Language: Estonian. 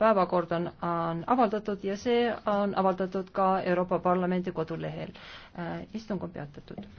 päevakord on, on avaldatud ja see on avaldatud ka Euroopa Parlamendi kodulehel. Äh, istung on peatatud.